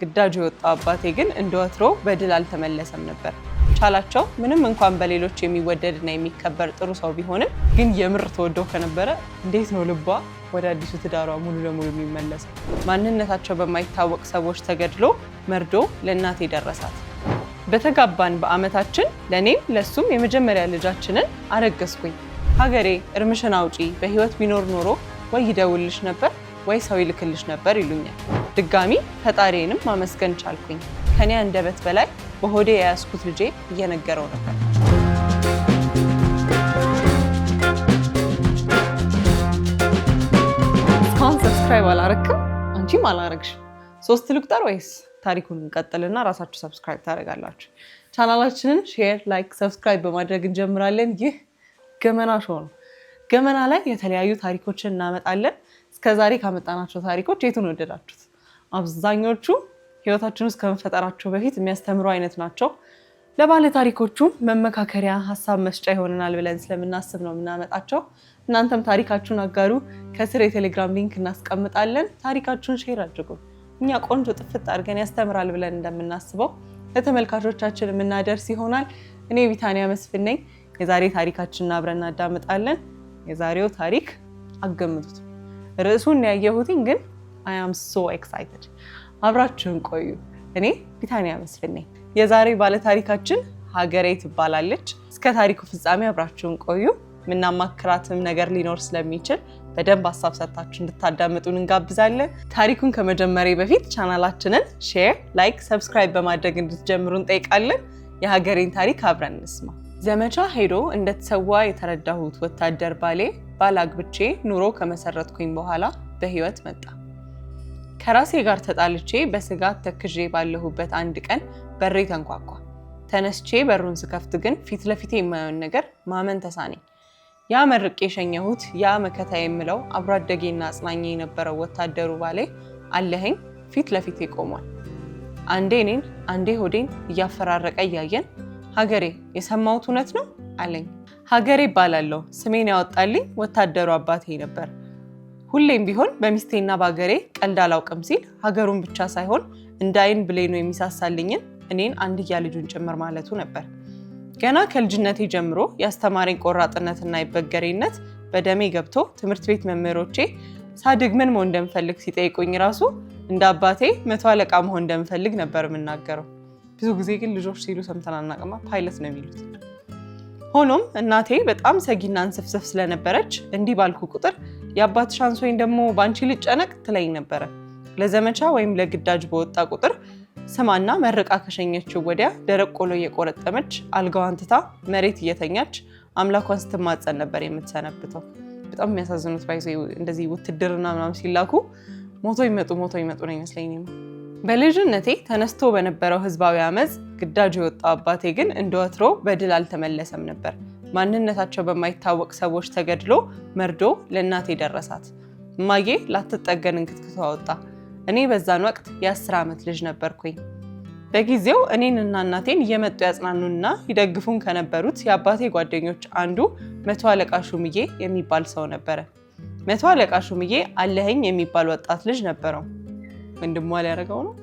ግዳጁ የወጣው አባቴ ግን እንደ ወትሮ በድል አልተመለሰም ነበር። ቻላቸው ምንም እንኳን በሌሎች የሚወደድና የሚከበር ጥሩ ሰው ቢሆንም ግን የምር ተወደው ከነበረ እንዴት ነው ልቧ ወደ አዲሱ ትዳሯ ሙሉ ለሙሉ የሚመለሰው? ማንነታቸው በማይታወቅ ሰዎች ተገድሎ መርዶ ለእናቴ ደረሳት። በተጋባን በዓመታችን ለእኔም ለሱም የመጀመሪያ ልጃችንን አረገዝኩኝ። ሀገሬ እርምሽን አውጪ፣ በህይወት ቢኖር ኖሮ ወይ ይደውልሽ ነበር ወይ ሰው ይልክልሽ ነበር ይሉኛል። ድጋሚ ፈጣሪንም ማመስገን ቻልኩኝ። ከኔ አንደበት በላይ በሆዴ የያዝኩት ልጄ እየነገረው ነበር። እስካሁን ሰብስክራይብ አላረክም፣ አንቺም አላረግሽ። ሶስት ልቁጠር ወይስ ታሪኩን እንቀጥልና ራሳችሁ ሰብስክራይብ ታደርጋላችሁ? ቻናላችንን ሼር፣ ላይክ፣ ሰብስክራይብ በማድረግ እንጀምራለን። ይህ ገመና ሾው ነው። ገመና ላይ የተለያዩ ታሪኮችን እናመጣለን። እስከዛሬ ካመጣናቸው ታሪኮች የቱን ወደዳችሁት? አብዛኞቹ ህይወታችን ውስጥ ከመፈጠራቸው በፊት የሚያስተምሩ አይነት ናቸው። ለባለ ታሪኮቹም መመካከሪያ፣ ሀሳብ መስጫ ይሆነናል ብለን ስለምናስብ ነው የምናመጣቸው። እናንተም ታሪካችሁን አጋሩ። ከስር የቴሌግራም ሊንክ እናስቀምጣለን። ታሪካችሁን ሼር አድርጉ። እኛ ቆንጆ ጥፍጥ አድርገን ያስተምራል ብለን እንደምናስበው ለተመልካቾቻችን የምናደርስ ይሆናል። እኔ ቢታንያ መስፍን ነኝ። የዛሬ ታሪካችንን አብረን እናዳምጣለን። የዛሬው ታሪክ አገምቱት። ርዕሱን ያየሁትኝ ግን አይ አም ሶ ኤክሳይትድ። አብራችሁን ቆዩ። እኔ ቢታንያ መስፍን የዛሬ ባለታሪካችን ሀገሬ ትባላለች። እስከ ታሪኩ ፍጻሜ አብራችሁን ቆዩ። የምናማክራትም ነገር ሊኖር ስለሚችል በደንብ ሀሳብ ሰጥታችሁ እንድታዳምጡን እንጋብዛለን። ታሪኩን ከመጀመሪያ በፊት ቻናላችንን ሼር፣ ላይክ፣ ሰብስክራይብ በማድረግ እንድትጀምሩ እንጠይቃለን። የሀገሬን ታሪክ አብረን እንስማ። ዘመቻ ሄዶ እንደተሰዋ የተረዳሁት ወታደር ባሌ ባላግብቼ ኑሮ ከመሰረትኩኝ በኋላ በህይወት መጣ። ከራሴ ጋር ተጣልቼ በስጋት ተክዤ ባለሁበት አንድ ቀን በሬ ተንኳኳ። ተነስቼ በሩን ስከፍት ግን ፊት ለፊቴ የማየውን ነገር ማመን ተሳኔ! ያ መርቄ የሸኘሁት ያ መከታ የምለው አብሮ አደጌና አጽናኝ የነበረው ወታደሩ ባሌ አለኸኝ ፊት ለፊቴ ቆሟል። አንዴ እኔን አንዴ ሆዴን እያፈራረቀ እያየን ሀገሬ የሰማሁት እውነት ነው አለኝ። ሀገሬ እባላለሁ። ስሜን ያወጣልኝ ወታደሩ አባቴ ነበር። ሁሌም ቢሆን በሚስቴና በሀገሬ ቀልድ አላውቅም ሲል ሀገሩን ብቻ ሳይሆን እንደ አይን ብሌኖ የሚሳሳልኝን እኔን አንድያ ልጁን ጭምር ማለቱ ነበር። ገና ከልጅነቴ ጀምሮ የአስተማሪን ቆራጥነትና የበገሬነት በደሜ ገብቶ ትምህርት ቤት መምህሮቼ ሳድግ ምን መሆን እንደምፈልግ ሲጠይቁኝ ራሱ እንደ አባቴ መቶ አለቃ መሆን እንደምፈልግ ነበር የምናገረው። ብዙ ጊዜ ግን ልጆች ሲሉ ሰምተን አናቅማ ፓይለት ነው የሚሉት። ሆኖም እናቴ በጣም ሰጊና እንስፍስፍ ስለነበረች እንዲህ ባልኩ ቁጥር የአባት ሻንስ ወይም ደግሞ በአንቺ ልጨነቅ ትለኝ ነበረ። ለዘመቻ ወይም ለግዳጅ በወጣ ቁጥር ስማና መርቃ ከሸኘችው ወዲያ ደረቅ ቆሎ እየቆረጠመች አልጋዋን ትታ መሬት እየተኛች አምላኳን ስትማጸን ነበር የምትሰነብተው። በጣም የሚያሳዝኑት ባይዘ እንደዚህ ውትድርና ምናምን ሲላኩ ሞቶ ይመጡ ሞቶ ይመጡ ነው ይመስለኝ። በልጅነቴ ተነስቶ በነበረው ህዝባዊ አመፅ ግዳጅ የወጣው አባቴ ግን እንደ ወትሮ በድል አልተመለሰም ነበር። ማንነታቸው በማይታወቅ ሰዎች ተገድሎ መርዶ ለእናቴ ደረሳት። እማዬ ላትጠገን እንክትክቷ ወጣ። እኔ በዛን ወቅት የአስር ዓመት ልጅ ነበርኩኝ። በጊዜው እኔንና እናቴን እየመጡ ያጽናኑና ይደግፉን ከነበሩት የአባቴ ጓደኞች አንዱ መቶ አለቃ ሹምዬ የሚባል ሰው ነበረ። መቶ አለቃ ሹምዬ አለኸኝ የሚባል ወጣት ልጅ ነበረው። ወንድሟ ሊያደርገው ነው።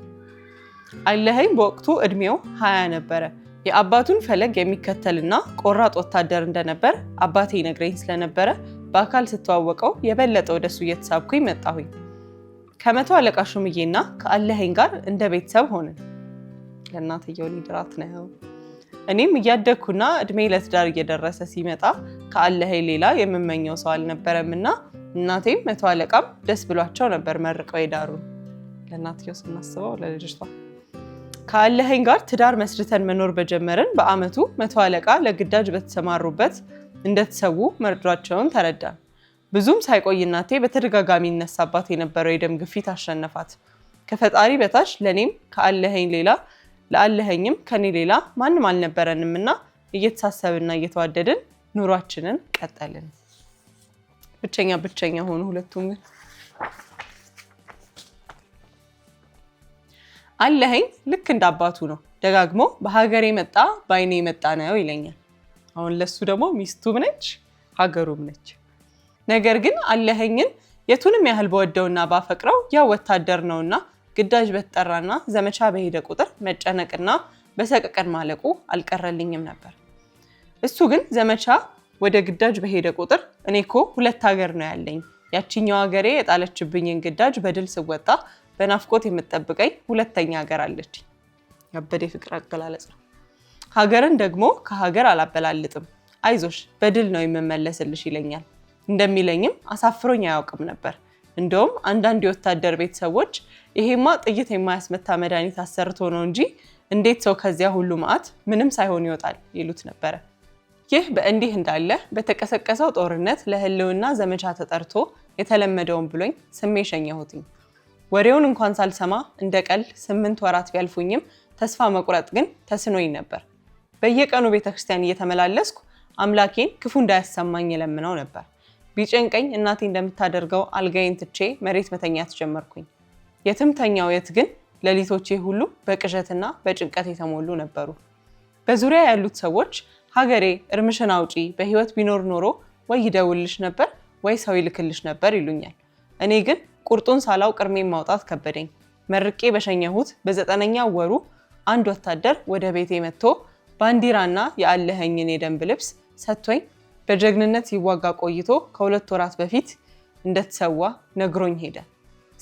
አለኸኝ በወቅቱ እድሜው ሀያ ነበረ። የአባቱን ፈለግ የሚከተልና ቆራጥ ወታደር እንደነበር አባቴ ነግረኝ ስለነበረ በአካል ስተዋወቀው የበለጠ ወደሱ እየተሳብኩኝ መጣሁኝ። ከመቶ አለቃ ሹምዬና ከአለኸኝ ጋር እንደ ቤተሰብ ሆንን። ለእናትየው ሊድራት ነው። እኔም እያደግኩና እድሜ ለትዳር እየደረሰ ሲመጣ ከአለኸኝ ሌላ የምመኘው ሰው አልነበረምና እናቴም መቶ አለቃም ደስ ብሏቸው ነበር መርቀው የዳሩ። ለእናትየው ስናስበው ለልጅቷ ከአለኸኝ ጋር ትዳር መስርተን መኖር በጀመርን በአመቱ መቶ አለቃ ለግዳጅ በተሰማሩበት እንደተሰዉ መርዷቸውን ተረዳን። ብዙም ሳይቆይ እናቴ በተደጋጋሚ ይነሳባት የነበረው የደም ግፊት አሸነፋት። ከፈጣሪ በታች ለእኔም ከአለኸኝ ሌላ ለአለኸኝም ከኔ ሌላ ማንም አልነበረንም እና እየተሳሰብና እየተዋደድን ኑሯችንን ቀጠልን። ብቸኛ ብቸኛ ሆኑ ሁለቱም ግን አለኸኝ ልክ እንደ አባቱ ነው። ደጋግሞ በሀገሬ መጣ በአይኔ የመጣ ነው ይለኛል። አሁን ለሱ ደግሞ ሚስቱም ነች ሀገሩም ነች። ነገር ግን አለኸኝን የቱንም ያህል በወደውና ባፈቅረው ያው ወታደር ነውና ግዳጅ በተጠራና ዘመቻ በሄደ ቁጥር መጨነቅና በሰቀቀን ማለቁ አልቀረልኝም ነበር። እሱ ግን ዘመቻ ወደ ግዳጅ በሄደ ቁጥር እኔ እኮ ሁለት ሀገር ነው ያለኝ፣ ያቺኛው ሀገሬ የጣለችብኝን ግዳጅ በድል ስወጣ በናፍቆት የምጠብቀኝ ሁለተኛ ሀገር አለች ያበደ የፍቅር አገላለጽ ነው። ሀገርን ደግሞ ከሀገር አላበላልጥም፣ አይዞሽ በድል ነው የምመለስልሽ ይለኛል። እንደሚለኝም አሳፍሮኝ አያውቅም ነበር። እንደውም አንዳንድ የወታደር ቤተሰቦች ይሄማ ጥይት የማያስመታ መድኃኒት አሰርቶ ነው እንጂ እንዴት ሰው ከዚያ ሁሉ መዓት ምንም ሳይሆን ይወጣል ይሉት ነበረ። ይህ በእንዲህ እንዳለ በተቀሰቀሰው ጦርነት ለህልውና ዘመቻ ተጠርቶ የተለመደውን ብሎኝ ስሜ ሸኘሁትኝ። ወሬውን እንኳን ሳልሰማ እንደ ቀል ስምንት ወራት ቢያልፉኝም ተስፋ መቁረጥ ግን ተስኖኝ ነበር። በየቀኑ ቤተክርስቲያን እየተመላለስኩ አምላኬን ክፉ እንዳያሰማኝ የለምነው ነበር። ቢጨንቀኝ እናቴ እንደምታደርገው አልጋዬን ትቼ መሬት መተኛት ጀመርኩኝ። የትምተኛው የት ግን ሌሊቶቼ ሁሉ በቅዠትና በጭንቀት የተሞሉ ነበሩ። በዙሪያ ያሉት ሰዎች ሀገሬ እርምሽን አውጪ፣ በህይወት ቢኖር ኖሮ ወይ ይደውልሽ ነበር ወይ ሰው ይልክልሽ ነበር ይሉኛል። እኔ ግን ቁርጡን ሳላው ቅርሜን ማውጣት ከበደኝ። መርቄ በሸኘሁት በዘጠነኛው ወሩ አንድ ወታደር ወደ ቤቴ መጥቶ ባንዲራና የአለኸኝን የደንብ ልብስ ሰጥቶኝ በጀግንነት ሲዋጋ ቆይቶ ከሁለት ወራት በፊት እንደተሰዋ ነግሮኝ ሄደ።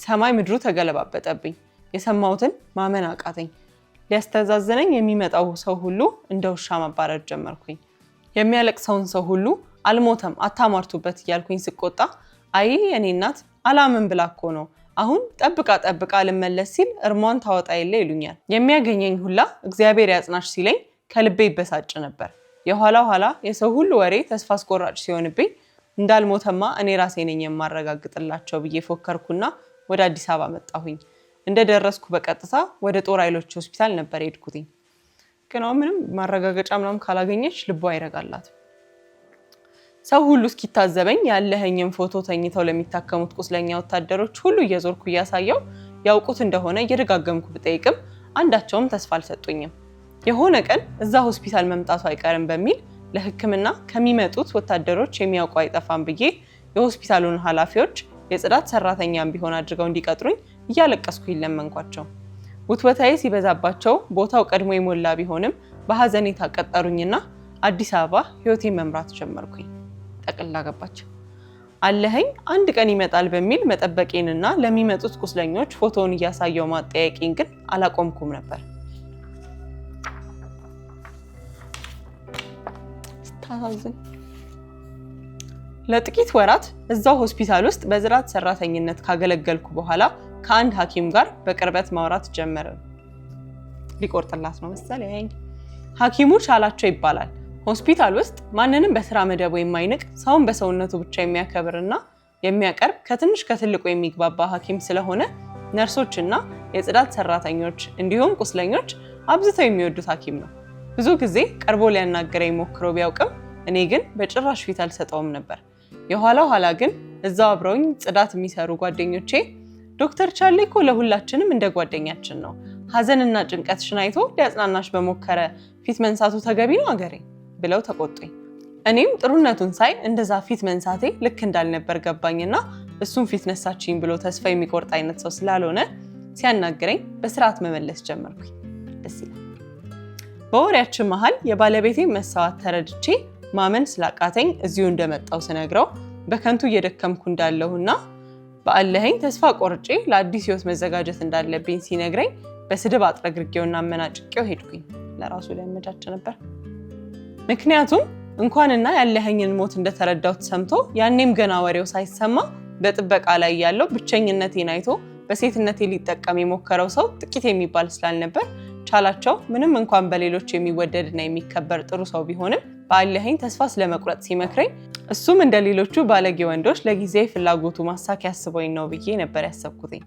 ሰማይ ምድሩ ተገለባበጠብኝ። የሰማሁትን ማመን አቃተኝ። ሊያስተዛዘነኝ የሚመጣው ሰው ሁሉ እንደ ውሻ ማባረር ጀመርኩኝ። የሚያለቅሰውን ሰው ሁሉ አልሞተም አታሟርቱበት እያልኩኝ ስቆጣ አይ የኔ እናት አላምን ብላ እኮ ነው። አሁን ጠብቃ ጠብቃ ልመለስ ሲል እርሟን ታወጣ የለ ይሉኛል። የሚያገኘኝ ሁላ እግዚአብሔር ያጽናሽ ሲለኝ ከልቤ ይበሳጭ ነበር። የኋላ ኋላ የሰው ሁሉ ወሬ ተስፋ አስቆራጭ ሲሆንብኝ እንዳልሞተማ እኔ ራሴ ነኝ የማረጋግጥላቸው ብዬ ፎከርኩና ወደ አዲስ አበባ መጣሁኝ። እንደደረስኩ በቀጥታ ወደ ጦር ኃይሎች ሆስፒታል ነበር የሄድኩትኝ። ግን አሁን ምንም ማረጋገጫ ምናምን ካላገኘች ልቧ አይረጋላትም። ሰው ሁሉ እስኪታዘበኝ ያለህኝም ፎቶ ተኝተው ለሚታከሙት ቁስለኛ ወታደሮች ሁሉ እየዞርኩ እያሳየው ያውቁት እንደሆነ እየደጋገምኩ ብጠይቅም አንዳቸውም ተስፋ አልሰጡኝም። የሆነ ቀን እዛ ሆስፒታል መምጣቱ አይቀርም በሚል ለሕክምና ከሚመጡት ወታደሮች የሚያውቁ አይጠፋም ብዬ የሆስፒታሉን ኃላፊዎች የጽዳት ሰራተኛም ቢሆን አድርገው እንዲቀጥሩኝ እያለቀስኩ ይለመንኳቸው። ውትወታዬ ሲበዛባቸው ቦታው ቀድሞ የሞላ ቢሆንም በሀዘኔታ ቀጠሩኝና አዲስ አበባ ህይወቴን መምራት ጀመርኩኝ። ጠቅላ ገባች። አለኸኝ አንድ ቀን ይመጣል በሚል መጠበቄንና ለሚመጡት ቁስለኞች ፎቶውን እያሳየው ማጠያቂን ግን አላቆምኩም ነበር። ስታሳዝን ለጥቂት ወራት እዛው ሆስፒታል ውስጥ በዝራት ሰራተኝነት ካገለገልኩ በኋላ ከአንድ ሐኪም ጋር በቅርበት ማውራት ጀመርን። ሊቆርጥላት ነው መሰለኝ። ሐኪሙ ቻላቸው ይባላል። ሆስፒታል ውስጥ ማንንም በስራ መደቡ የማይንቅ ሰውን በሰውነቱ ብቻ የሚያከብርና የሚያቀርብ ከትንሽ ከትልቁ የሚግባባ ሐኪም ስለሆነ ነርሶችና የጽዳት ሰራተኞች እንዲሁም ቁስለኞች አብዝተው የሚወዱት ሐኪም ነው። ብዙ ጊዜ ቀርቦ ሊያናገረኝ ሞክሮ ቢያውቅም እኔ ግን በጭራሽ ፊት አልሰጠውም ነበር። የኋላ ኋላ ግን እዛው አብረውኝ ጽዳት የሚሰሩ ጓደኞቼ ዶክተር ቻሌ እኮ ለሁላችንም እንደ ጓደኛችን ነው፣ ሀዘንና ጭንቀትሽን አይቶ ሊያጽናናሽ በሞከረ ፊት መንሳቱ ተገቢ ነው አገሬ ብለው ተቆጡኝ። እኔም ጥሩነቱን ሳይ እንደዛ ፊት መንሳቴ ልክ እንዳልነበር ገባኝና እሱም ፊት ነሳችኝ ብሎ ተስፋ የሚቆርጥ አይነት ሰው ስላልሆነ ሲያናግረኝ በስርዓት መመለስ ጀመርኩኝ። ደስ ይላል። በወሬያችን መሀል የባለቤቴ መሰዋት ተረድቼ ማመን ስላቃተኝ እዚሁ እንደመጣው ስነግረው በከንቱ እየደከምኩ እንዳለሁና በአለኸኝ ተስፋ ቆርጬ ለአዲስ ህይወት መዘጋጀት እንዳለብኝ ሲነግረኝ በስድብ አጥረግርጌውና አመናጭቄው ሄድኩኝ። ለራሱ ሊያመቻች ነበር። ምክንያቱም እንኳንና ያለኸኝን ሞት እንደተረዳሁት ሰምቶ ያኔም ገና ወሬው ሳይሰማ በጥበቃ ላይ ያለው ብቸኝነቴን አይቶ በሴትነቴ ሊጠቀም የሞከረው ሰው ጥቂት የሚባል ስላልነበር ቻላቸው ምንም እንኳን በሌሎች የሚወደድና የሚከበር ጥሩ ሰው ቢሆንም በአለኸኝ ተስፋ ስለመቁረጥ ሲመክረኝ እሱም እንደ ሌሎቹ ባለጌ ወንዶች ለጊዜ ፍላጎቱ ማሳኪያ ያስበኝ ነው ብዬ ነበር ያሰብኩትኝ።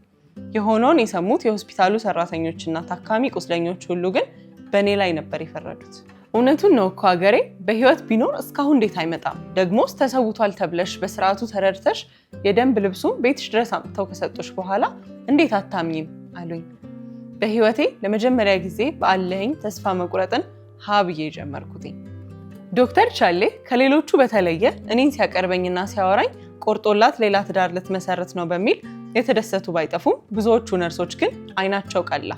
የሆነውን የሰሙት የሆስፒታሉ ሰራተኞችና ታካሚ ቁስለኞች ሁሉ ግን በእኔ ላይ ነበር የፈረዱት። እውነቱን ነው እኮ ሀገሬ፣ በህይወት ቢኖር እስካሁን እንዴት አይመጣም? ደግሞስ ተሰውቷል ተብለሽ በስርዓቱ ተረድተሽ የደንብ ልብሱን ቤትሽ ድረስ አምጥተው ከሰጡሽ በኋላ እንዴት አታምኝም አሉኝ። በህይወቴ ለመጀመሪያ ጊዜ በአለኝ ተስፋ መቁረጥን ሀ ብዬ ጀመርኩትኝ። ዶክተር ቻሌ ከሌሎቹ በተለየ እኔን ሲያቀርበኝና ሲያወራኝ ቆርጦላት ሌላ ትዳር ልትመሰረት ነው በሚል የተደሰቱ ባይጠፉም ብዙዎቹ ነርሶች ግን አይናቸው ቀላ።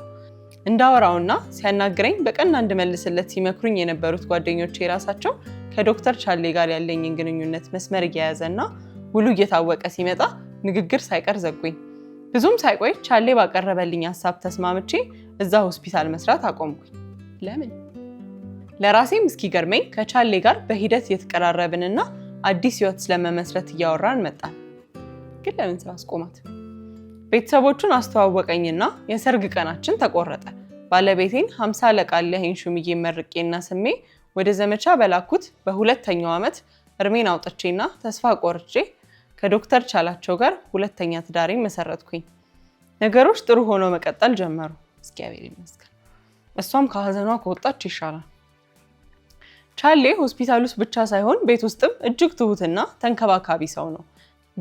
እንዳወራውና ሲያናግረኝ በቀና እንድመልስለት ሲመክሩኝ የነበሩት ጓደኞቼ የራሳቸው ከዶክተር ቻሌ ጋር ያለኝን ግንኙነት መስመር እየያዘና ውሉ እየታወቀ ሲመጣ ንግግር ሳይቀር ዘጉኝ። ብዙም ሳይቆይ ቻሌ ባቀረበልኝ ሀሳብ ተስማምቼ እዛ ሆስፒታል መስራት አቆምኩኝ። ለምን? ለራሴም እስኪገርመኝ ከቻሌ ጋር በሂደት እየተቀራረብንና አዲስ ህይወት ስለመመስረት እያወራን መጣን። ግን ለምን ስራ አስቆማት? ቤተሰቦቹን አስተዋወቀኝና የሰርግ ቀናችን ተቆረጠ። ባለቤቴን ሀምሳ አለቃ ለሄን ሹምዬ መርቄና ስሜ ወደ ዘመቻ በላኩት በሁለተኛው ዓመት እርሜን አውጥቼና ተስፋ ቆርጬ ከዶክተር ቻላቸው ጋር ሁለተኛ ትዳሪ መሰረትኩኝ። ነገሮች ጥሩ ሆኖ መቀጠል ጀመሩ። እግዚአብሔር ይመስገን። እሷም ከሀዘኗ ከወጣች ይሻላል። ቻሌ ሆስፒታል ውስጥ ብቻ ሳይሆን ቤት ውስጥም እጅግ ትሁትና ተንከባካቢ ሰው ነው።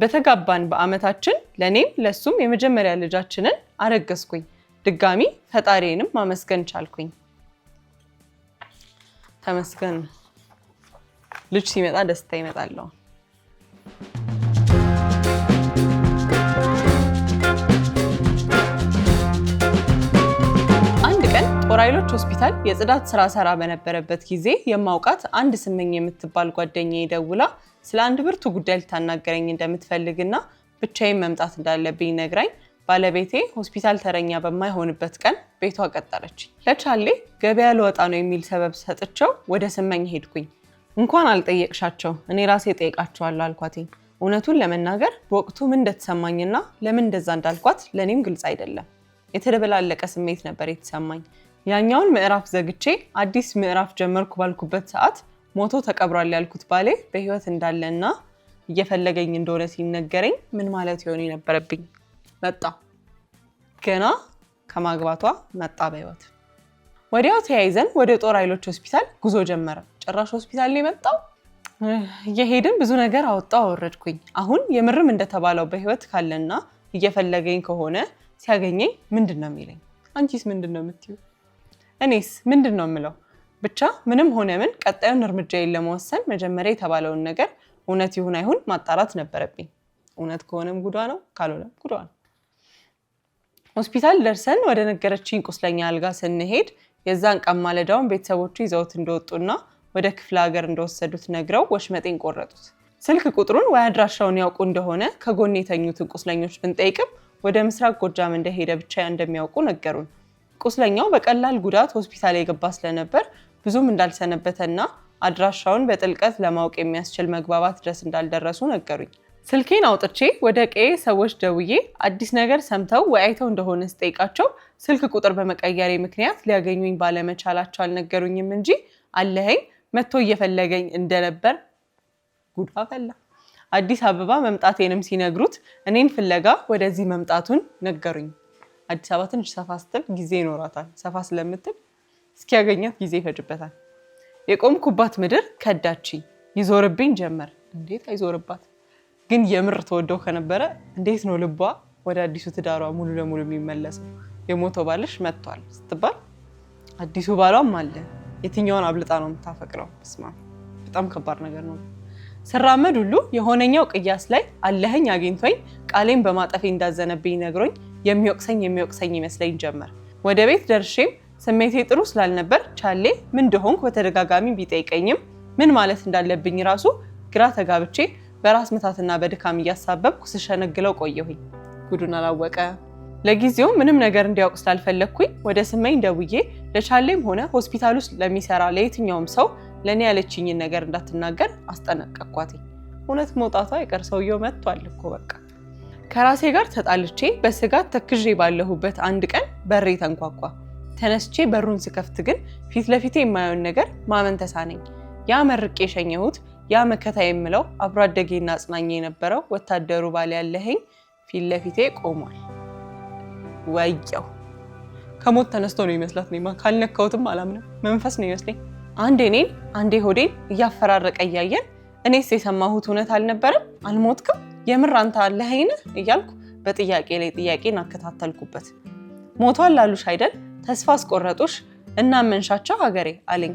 በተጋባን በዓመታችን ለእኔም ለሱም የመጀመሪያ ልጃችንን አረገዝኩኝ። ድጋሚ ፈጣሪንም ማመስገን ቻልኩኝ። ተመስገን። ልጅ ሲመጣ ደስታ ይመጣለሁ። አንድ ቀን ጦር ኃይሎች ሆስፒታል የጽዳት ስራ ሰራ በነበረበት ጊዜ የማውቃት አንድ ስመኝ የምትባል ጓደኛ ደውላ ስለ አንድ ብርቱ ጉዳይ ልታናገረኝ እንደምትፈልግና ብቻዬን መምጣት እንዳለብኝ ነግራኝ ባለቤቴ ሆስፒታል ተረኛ በማይሆንበት ቀን ቤቷ ቀጠረች። ለቻሌ ገበያ ልወጣ ነው የሚል ሰበብ ሰጥቸው ወደ ስመኝ ሄድኩኝ። እንኳን አልጠየቅሻቸው እኔ ራሴ ጠይቃቸዋለሁ አልኳትኝ። እውነቱን ለመናገር በወቅቱ ምን እንደተሰማኝና ለምን እንደዛ እንዳልኳት ለእኔም ግልጽ አይደለም። የተደበላለቀ ስሜት ነበር የተሰማኝ። ያኛውን ምዕራፍ ዘግቼ አዲስ ምዕራፍ ጀመርኩ ባልኩበት ሰዓት ሞቶ ተቀብሯል ያልኩት ባሌ በህይወት እንዳለና እየፈለገኝ እንደሆነ ሲነገረኝ ምን ማለት ይሆን የነበረብኝ? መጣ። ገና ከማግባቷ መጣ በህይወት። ወዲያው ተያይዘን ወደ ጦር ኃይሎች ሆስፒታል ጉዞ ጀመረ። ጭራሽ ሆስፒታል ላይ መጣው። እየሄድን ብዙ ነገር አወጣው አወረድኩኝ። አሁን የምርም እንደተባለው በህይወት ካለና እየፈለገኝ ከሆነ ሲያገኘኝ ምንድን ነው የሚለኝ? አንቺስ ምንድን ነው የምትዩ? እኔስ ምንድን ነው የምለው? ብቻ ምንም ሆነ ምን ቀጣዩን እርምጃዬን ለመወሰን መጀመሪያ የተባለውን ነገር እውነት ይሁን አይሁን ማጣራት ነበረብኝ። እውነት ከሆነም ጉዷ ነው፣ ካልሆነም ጉዷ ነው። ሆስፒታል ደርሰን ወደ ነገረችኝ ቁስለኛ አልጋ ስንሄድ የዛን ቀን ማለዳውን ቤተሰቦቹ ይዘውት እንደወጡና ወደ ክፍለ ሀገር እንደወሰዱት ነግረው ወሽመጤን ቆረጡት። ስልክ ቁጥሩን ወይ አድራሻውን ያውቁ እንደሆነ ከጎን የተኙትን ቁስለኞች ብንጠይቅም ወደ ምስራቅ ጎጃም እንደሄደ ብቻ እንደሚያውቁ ነገሩን። ቁስለኛው በቀላል ጉዳት ሆስፒታል የገባ ስለነበር ብዙም እንዳልሰነበተና አድራሻውን በጥልቀት ለማወቅ የሚያስችል መግባባት ድረስ እንዳልደረሱ ነገሩኝ። ስልኬን አውጥቼ ወደ ቀዬ ሰዎች ደውዬ አዲስ ነገር ሰምተው ወይ አይተው እንደሆነ ስጠይቃቸው ስልክ ቁጥር በመቀየሬ ምክንያት ሊያገኙኝ ባለመቻላቸው አልነገሩኝም እንጂ አለኸኝ መጥቶ እየፈለገኝ እንደነበር ጉዳ አፈላ። አዲስ አበባ መምጣቴንም ሲነግሩት እኔን ፍለጋ ወደዚህ መምጣቱን ነገሩኝ። አዲስ አበባ ትንሽ ሰፋ ስትል ጊዜ ይኖራታል። ሰፋ ስለምትል እስኪያገኛት ጊዜ ይፈጅበታል። የቆምኩባት ምድር ከዳችኝ፣ ይዞርብኝ ጀመር። እንዴት አይዞርባት ግን? የምር ተወደው ከነበረ እንዴት ነው ልቧ ወደ አዲሱ ትዳሯ ሙሉ ለሙሉ የሚመለሰው? የሞተው ባልሽ መጥቷል ስትባል አዲሱ ባሏም አለ። የትኛውን አብልጣ ነው የምታፈቅረው? ስማ፣ በጣም ከባድ ነገር ነው። ስራመድ ሁሉ የሆነኛው ቅያስ ላይ አለህኝ አግኝቶኝ ቃሌን በማጠፌ እንዳዘነብኝ ነግሮኝ የሚወቅሰኝ የሚወቅሰኝ ይመስለኝ ጀመር። ወደ ቤት ደርሼም ስሜቴ ጥሩ ስላልነበር ቻሌ ምን እንደሆንኩ በተደጋጋሚ ቢጠይቀኝም ምን ማለት እንዳለብኝ ራሱ ግራ ተጋብቼ በራስ ምታትና በድካም እያሳበብኩ ስሸነግለው ቆየሁኝ። ጉዱን አላወቀ። ለጊዜው ምንም ነገር እንዲያውቅ ስላልፈለግኩኝ ወደ ስመኝ ደውዬ ለቻሌም ሆነ ሆስፒታል ውስጥ ለሚሰራ ለየትኛውም ሰው ለእኔ ያለችኝን ነገር እንዳትናገር አስጠነቀቅኳትኝ። እውነት መውጣቷ አይቀር ሰውየው መጥቷል እኮ በቃ። ከራሴ ጋር ተጣልቼ በስጋት ተክዤ ባለሁበት አንድ ቀን በሬ ተንኳኳ። ተነስቼ በሩን ስከፍት ግን ፊት ለፊቴ የማየውን ነገር ማመን ተሳነኝ። ያ መርቄ የሸኘሁት ያ መከታ የምለው አብሮ አደጌና አጽናኝ የነበረው ወታደሩ ባል ያለኸኝ ፊት ለፊቴ ቆሟል። ወየው ከሞት ተነስቶ ነው ይመስላት። እኔማ ካልነካሁትም አላምንም። መንፈስ ነው ይመስለኝ። አንዴ እኔን አንዴ ሆዴን እያፈራረቀ እያየን እኔስ የሰማሁት እውነት አልነበረም? አልሞትክም? የምር አንተ አለኸኝ እያልኩ በጥያቄ ላይ ጥያቄን አከታተልኩበት። ሞቷል ላሉሽ አይደል ተስፋ አስቆረጡሽ እና መንሻቸው ሀገሬ አለኝ።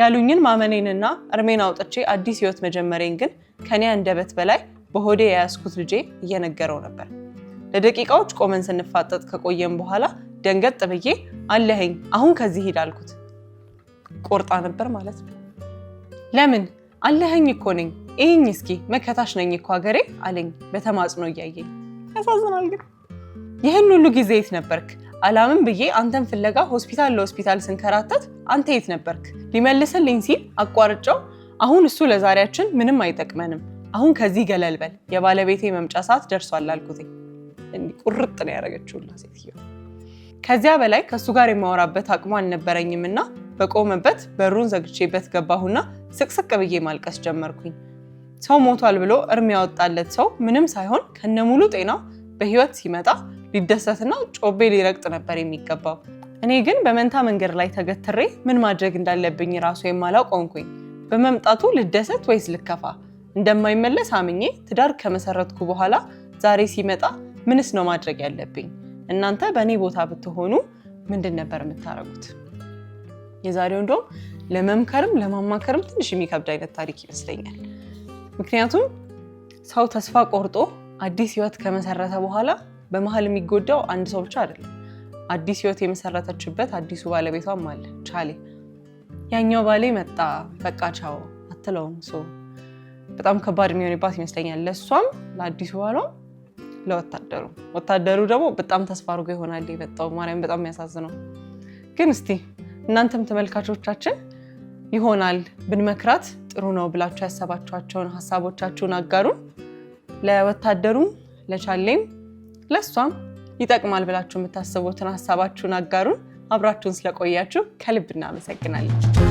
ያሉኝን ማመኔንና እርሜን አውጥቼ አዲስ ህይወት መጀመሬን ግን ከኔ አንደበት በላይ በሆዴ የያዝኩት ልጄ እየነገረው ነበር። ለደቂቃዎች ቆመን ስንፋጠጥ ከቆየን በኋላ ደንገጥ ብዬ አለኸኝ አሁን ከዚህ ሂድ አልኩት። ቆርጣ ነበር ማለት ነው። ለምን አለኸኝ እኮ ነኝ ይህኝ እስኪ መከታሽ ነኝ እኮ ሀገሬ አለኝ በተማጽኖ እያየኝ። ያሳዝናል ግን ይህን ሁሉ ጊዜ የት ነበርክ? አላምን ብዬ አንተን ፍለጋ ሆስፒታል ለሆስፒታል ስንከራተት አንተ የት ነበርክ ሊመልስልኝ ሲል አቋርጨው፣ አሁን እሱ ለዛሬያችን ምንም አይጠቅመንም፣ አሁን ከዚህ ገለል በል የባለቤቴ መምጫ ሰዓት ደርሷል አልኩት። ቁርጥ ነው ያደረገችውና ሴትዮ ከዚያ በላይ ከእሱ ጋር የማወራበት አቅሙ አልነበረኝም በቆመበት በሩን ዘግቼበት ገባሁና ስቅስቅ ብዬ ማልቀስ ጀመርኩኝ። ሰው ሞቷል ብሎ እርም ያወጣለት ሰው ምንም ሳይሆን ከነሙሉ ጤናው በህይወት ሲመጣ ሊደሰትና ጮቤ ሊረግጥ ነበር የሚገባው። እኔ ግን በመንታ መንገድ ላይ ተገትሬ ምን ማድረግ እንዳለብኝ ራሱ የማላውቅ ሆንኩኝ። በመምጣቱ ልደሰት ወይስ ልከፋ? እንደማይመለስ አምኜ ትዳር ከመሰረትኩ በኋላ ዛሬ ሲመጣ ምንስ ነው ማድረግ ያለብኝ? እናንተ በእኔ ቦታ ብትሆኑ ምንድን ነበር የምታደርጉት? የዛሬው እንደውም ለመምከርም ለማማከርም ትንሽ የሚከብድ አይነት ታሪክ ይመስለኛል። ምክንያቱም ሰው ተስፋ ቆርጦ አዲስ ህይወት ከመሰረተ በኋላ በመሀል የሚጎዳው አንድ ሰው ብቻ አይደለም። አዲስ ህይወት የመሰረተችበት አዲሱ ባለቤቷም አለ ቻሌ። ያኛው ባሌ መጣ በቃ ቻው አትለውም። በጣም ከባድ የሚሆንባት ይመስለኛል ለእሷም፣ ለአዲሱ ባሏም፣ ለወታደሩ። ወታደሩ ደግሞ በጣም ተስፋ አድርጎ ይሆናል የመጣው ማርያም፣ በጣም የሚያሳዝነው ግን እስቲ እናንተም ተመልካቾቻችን ይሆናል ብንመክራት ጥሩ ነው ብላችሁ ያሰባችኋቸውን ሀሳቦቻችሁን አጋሩን። ለወታደሩም ለቻሌም ለእሷም ይጠቅማል ብላችሁ የምታስቡትን ሀሳባችሁን አጋሩን። አብራችሁን ስለቆያችሁ ከልብ እናመሰግናለን።